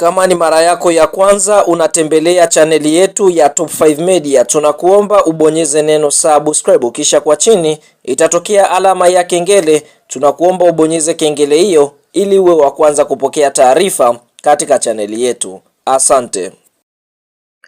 Kama ni mara yako ya kwanza unatembelea chaneli yetu ya Top 5 Media, tunakuomba ubonyeze neno subscribe, kisha kwa chini itatokea alama ya kengele. Tunakuomba ubonyeze kengele hiyo ili uwe wa kwanza kupokea taarifa katika chaneli yetu. Asante.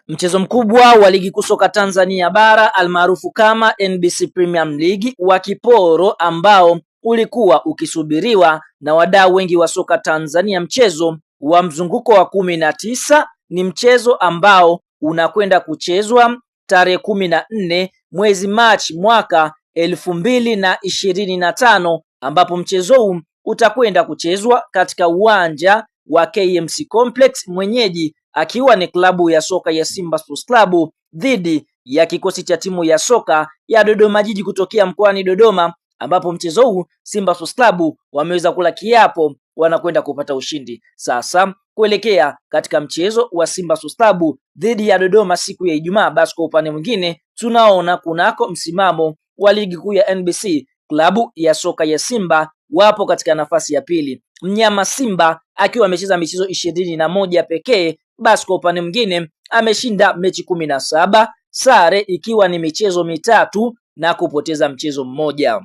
Mchezo mkubwa wa ligi kuu soka Tanzania bara almaarufu kama NBC Premium League wa kiporo ambao ulikuwa ukisubiriwa na wadau wengi wa soka Tanzania, mchezo wa mzunguko wa kumi na tisa ni mchezo ambao unakwenda kuchezwa tarehe kumi na nne mwezi Machi mwaka elfu mbili na ishirini na tano ambapo mchezo huu utakwenda kuchezwa katika uwanja wa KMC Complex, mwenyeji akiwa ni klabu ya soka ya Simba Sports Club dhidi ya kikosi cha timu ya soka ya Dodoma Jiji kutokea mkoani Dodoma, ambapo mchezo huu Simba Sports Club wameweza kula kiapo wanakwenda kupata ushindi sasa kuelekea katika mchezo wa Simba Sustabu dhidi ya Dodoma siku ya Ijumaa. Basi kwa upande mwingine, tunaona kunako msimamo wa ligi kuu ya NBC klabu ya soka ya Simba wapo katika nafasi ya pili, mnyama Simba akiwa amecheza michezo ishirini na moja pekee. Basi kwa upande mwingine, ameshinda mechi kumi na saba, sare ikiwa ni michezo mitatu na kupoteza mchezo mmoja.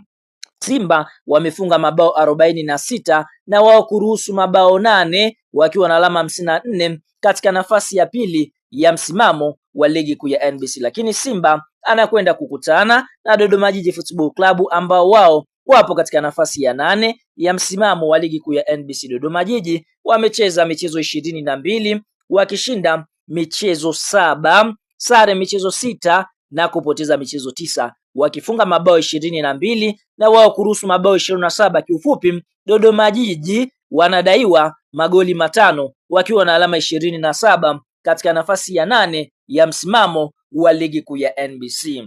Simba wamefunga mabao arobaini na sita na wao kuruhusu mabao nane wakiwa na alama hamsini na nne katika nafasi ya pili ya msimamo wa ligi kuu ya NBC, lakini Simba anakwenda kukutana na Dodoma Jiji Football Club ambao wao wapo katika nafasi ya nane ya msimamo wa ligi kuu ya NBC. Dodoma Jiji wamecheza michezo ishirini na mbili wakishinda michezo saba, sare michezo sita na kupoteza michezo tisa wakifunga mabao ishirini na mbili na wao kuruhusu mabao ishirini na saba. Kiufupi, Dodoma Jiji wanadaiwa magoli matano wakiwa na alama ishirini na saba katika nafasi ya nane ya msimamo wa ligi kuu ya NBC.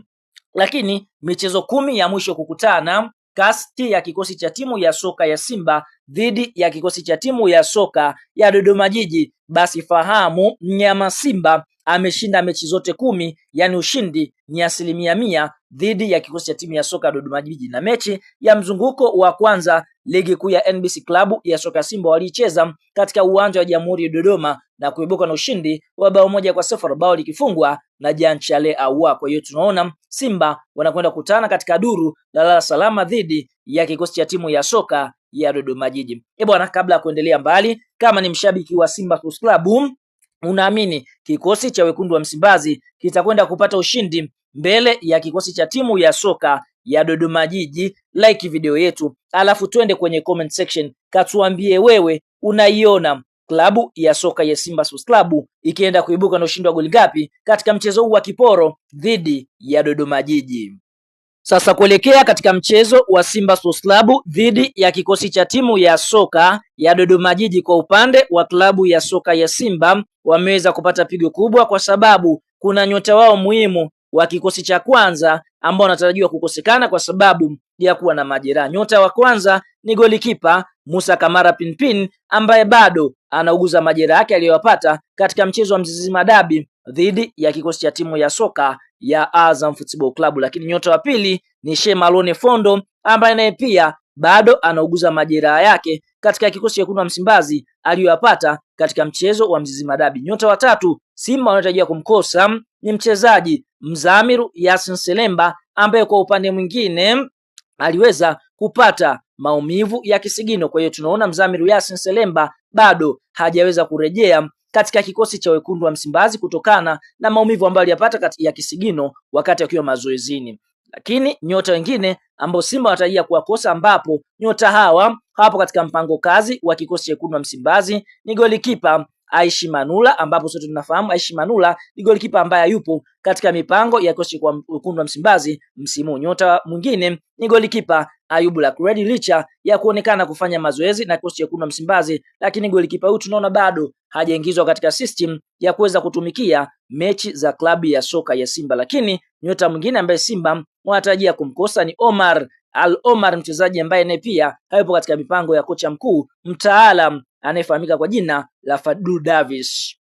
Lakini michezo kumi ya mwisho kukutana kasti ya kikosi cha timu ya soka ya Simba dhidi ya kikosi cha timu ya soka ya Dodoma Jiji, basi fahamu mnyama Simba ameshinda mechi zote kumi, yani ushindi ni asilimia mia dhidi ya kikosi cha timu ya soka Dodoma Jiji, na mechi ya mzunguko wa kwanza ligi kuu ya NBC klabu ya soka Simba waliicheza katika uwanja wa Jamhuri ya Dodoma na kuibuka na ushindi wa bao moja kwa sifuri, bao likifungwa na Jean Chale Ahoua. Kwa hiyo tunaona Simba wanakwenda kutana katika duru la Dar salama dhidi ya kikosi cha timu ya soka ya Dodoma Jiji. Eh bwana, kabla ya kuendelea mbali, kama ni mshabiki wa Simba Sports Club unaamini kikosi cha wekundu wa Msimbazi kitakwenda kupata ushindi mbele ya kikosi cha timu ya soka ya Dodoma Jiji? Like video yetu, alafu twende kwenye comment section, katuambie wewe unaiona klabu ya soka ya Simba Sports Club ikienda kuibuka na ushindi wa goli ngapi katika mchezo huu wa kiporo dhidi ya Dodoma Jiji. Sasa kuelekea katika mchezo wa Simba Sports Club dhidi ya kikosi cha timu ya soka ya Dodoma Jiji, kwa upande wa klabu ya soka ya Simba wameweza kupata pigo kubwa, kwa sababu kuna nyota wao muhimu wa kikosi cha kwanza ambao wanatarajiwa kukosekana kwa sababu ya kuwa na majeraha. Nyota wa kwanza ni golikipa Musa Kamara Pinpin ambaye bado anauguza majeraha yake aliyopata katika mchezo wa Mzizima Dabi dhidi ya kikosi cha timu ya soka ya Azam Football Club, lakini nyota wa pili ni Shemalone Fondo ambaye naye pia bado anauguza majeraha yake katika kikosi cha kundu wa Msimbazi aliyoyapata katika mchezo wa Mzizi Madabi. Nyota watatu Simba wanatarajia kumkosa ni mchezaji Mzamiru Yasin Selemba ambaye kwa upande mwingine aliweza kupata maumivu ya kisigino. Kwa hiyo tunaona Mzamiru Yasin Selemba bado hajaweza kurejea katika kikosi cha wekundu wa Msimbazi kutokana na maumivu ambayo aliyapata ya kisigino wakati akiwa mazoezini, lakini nyota wengine ambao Simba wanatarajia kuwakosa, ambapo nyota hawa hawapo katika mpango kazi wa kikosi cha wekundu wa Msimbazi ni golikipa Aishi Manula, ambapo sote tunafahamu Aishi Manula ni golikipa ambaye yupo katika mipango ya kikosi kwa wekundu wa Msimbazi msimu. Nyota mwingine ni golikipa Ayubu Lakredi licha ya kuonekana kufanya mazoezi na kikosi cha wekundu wa Msimbazi, lakini golikipa huyu tunaona bado hajaingizwa katika system ya kuweza kutumikia mechi za klabu ya soka ya Simba. Lakini nyota mwingine ambaye Simba wanatarajia kumkosa ni Omar Al Omar, mchezaji ambaye naye pia hayupo katika mipango ya kocha mkuu mtaalam anayefahamika kwa jina la Fadlu Davis.